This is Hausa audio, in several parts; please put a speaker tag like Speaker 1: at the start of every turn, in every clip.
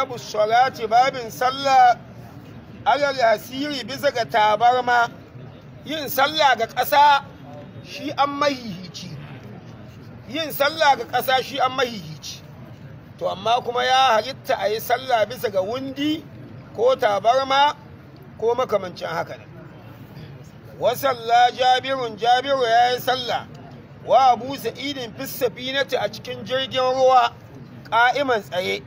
Speaker 1: babu salati babin sallah alal bisa ga tabarma yin sallah ga ƙasa shi an mahihici yin sallah ga ƙasa shi an mahihici to amma kuma ya halitta a yi sallah bisa ga wundi ko tabarma ko makamancin haka ne wasalla jabirun jabiru ya yi sallah wa abu sa'idin fi a cikin jirgin ruwa ƙa'iman tsaye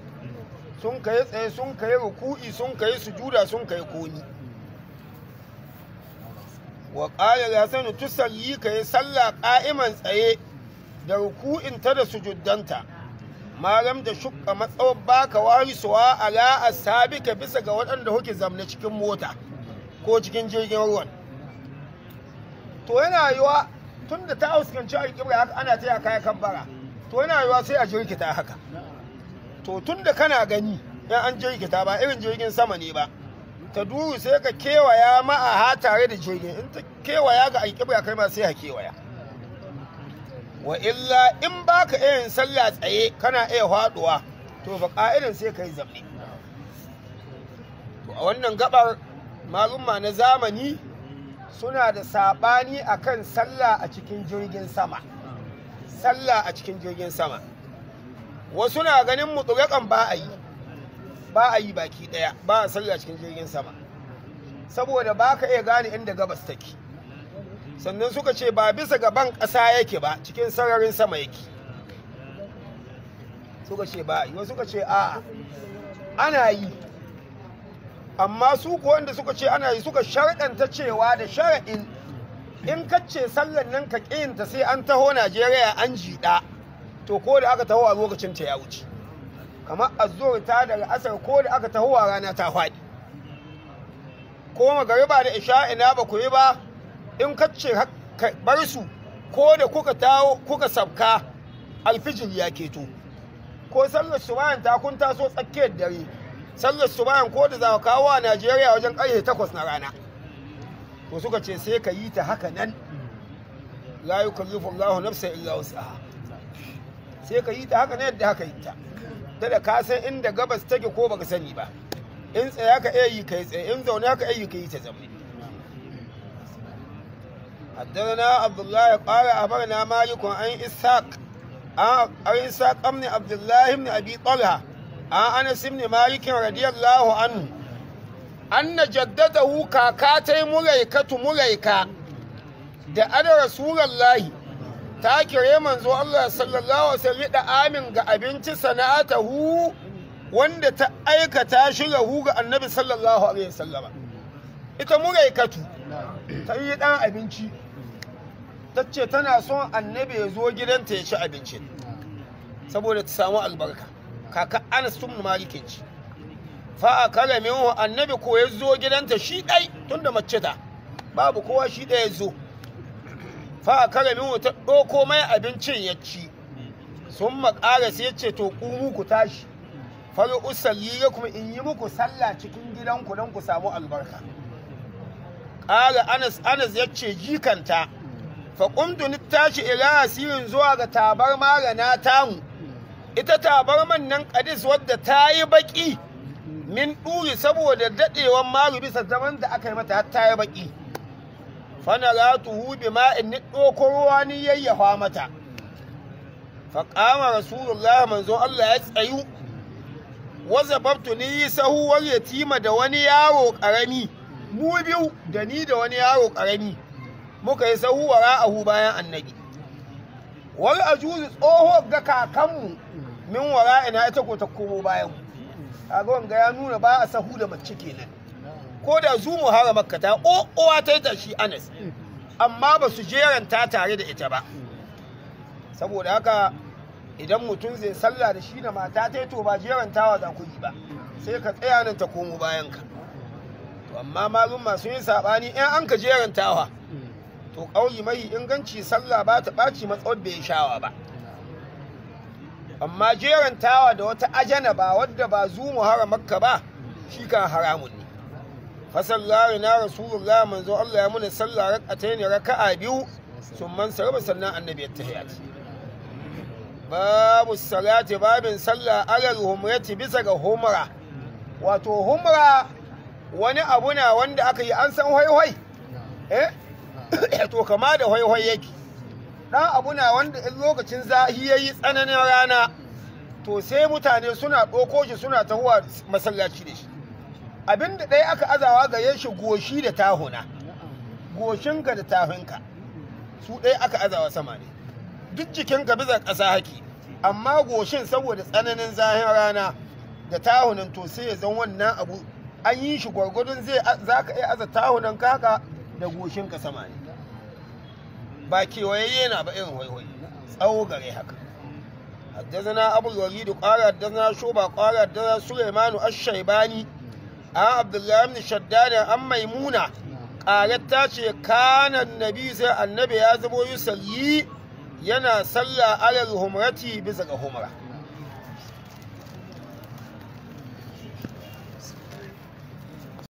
Speaker 1: sun kai tsaye sun kai ruku'i sun kai sujuda sun kai koni wa ƙara ya sani tusar yi ka yi sallah ƙa'iman tsaye da ruku'inta da sujuddanta malam da shukka matsawar baka warisuwa ala asabi bisa ga waɗanda kuke zamne cikin mota ko cikin jirgin ruwan to yana yiwa tun da ta auskanci alƙibla haka ana taya kaya kan bara to yana yiwa sai a jirkita haka to tun da kana gani ya an ta ba irin jirgin sama ne ba ta duru sai ka kewaya ma'aha tare da jirgin in ta kewaya ga alƙibra kai ma sai ha kewaya wa illa in baka irin sallah tsaye kana iya faduwa to fa ka'idan sai ka yi zamne to a wannan gabar malumma na zamani suna da sabani akan sallah a cikin jirgin sama sallah a cikin jirgin sama wasu na ganin mutsugakan ba a yi ba a yi baki daya ba a sarri a cikin jirgin sama saboda ba ka iya gane inda gabas take sannan suka ce ba bisa gaban ƙasa yake ba cikin sararin sama yake suka ce ba yi suka ce a ana yi amma su ko wanda suka ce ana yi suka sharɗanta cewa da shara'in in kacce sallan nan ka ƙinta sai an taho najeriya an jiɗa to ko da aka taho a lokacin ta ya wuce kamar azur ta daga asar ko da aka taho a rana ta faɗi ko magariba da isha ina ba ku yi ba in kacce bar su ko da kuka tawo kuka sabka alfijir ya keto ko sallar subayan ta kun taso tsakiyar dare sallar subayan ko da za ka kawo a najeriya wajen ƙarfe takwas na rana to suka ce sai ka yi ta haka nan la yukallifu allahu nafsa illa wus'aha sai ka yi ta haka ne yadda haka yi ta da ka san inda gabas take ko baka sani ba in tsaya ka iya yi yi tsaye in zaune haka iya yi yi ta zama حدثنا عبد الله قال أخبرنا مالك عن إسحاق عن إسحاق بن عبد الله بن أبي طلحة عن أنس بن مالك رضي الله عنه أن جدته كاكاتي مليكة مليكة da ana rasulallahi ta kire manzo Allah sallallahu alaihi wasallam da amin ga abinci sana'atahu wanda ta aikata shi hu ga annabi sallallahu alaihi wasallama ita muraikatu ta yi dan abinci ta ce tana son annabi ya zo gidanta ya ci abinci saboda ta samu albarka kaka anas tun malikin ci fa akala minhu annabi ko ya zo gidanta shi dai tunda mace ta babu kowa shi dai ya zo fa akara min wuta, ɗo mai abincin ya ci sun makara sai ya ce to ƙumu ku tashi fari usalli ya kuma in yi muku sallah cikin gidanku don ku samu albarka ƙara anas anas ya ce jikanta fa ƙumtu tashi ila asirin zuwa ga tabar mara na tamu ita tabarmar nan kadis wadda ta yi baƙi min ɗuri saboda daɗewan maru bisa zaman da aka yi mata ta yi baƙi fana za tu hube ma in ni ɗoko ruwa ni yayyafa mata faƙama rasulullah manzo Allah ya tsayu waza babtu ni yi sahuwar yatima da wani yaro ƙarami mu biyu da ni da wani yaro ƙarami muka yi sahuwa ra'ahu bayan annabi wal ajuzu tsoho ga kakanmu min ina ita ko ta komo bayan kaga wanga ya nuna ba a sahu da mace kenan ko da zu muharramar ka ta uwa ta yi shi anas amma ba su jeranta tare da ita ba saboda haka idan mutum zai sallah da shi da mata ta to ba jerantawa za ku yi ba sai ka tsaya nan ta komo bayan ka to amma malum masu yin sabani in an ka jerantawa to kauyi mai inganci sallah ba ta ɓaci matsawar bai shawa ba amma jerantawa da wata ajana ba wadda ba zu muharramar ka ba shi kan haramun ne fasallari na rasulullah manzo Allah ya muna sallah rak'atai ne raka'a biyu sun man sarba sannan annabi ya tahiyya babu salati babin sallah alal humrati bisa ga humra wato humra wani abu na wanda aka yi an san hoihoi eh to kama da hoihoi yake dan abu na wanda in lokacin zahi yi tsananin rana to sai mutane suna ɗoko shi suna tahuwa masallaci da shi abin da ɗaya aka azawa ga shi goshi da tahuna goshinka da tahunka su ɗaya aka azawa sama ne duk jikinka bisa ƙasa haki amma goshin saboda tsananin zahin rana da tahunan to sai ya zan wannan abu an yi shi gwargwadon zai za ka iya aza tahunan kaka da goshinka sama ne ba kewaye yana ba irin waiwai tsawo gare haka حدثنا أبو الوليد قال حدثنا شعبة قال حدثنا سليمان الشيباني an abdullahi ibn shaddad an maimuna qalat ta ce kana nabi sai annabi ya zamo yusalli yana sallah arar humrati bisa ga humra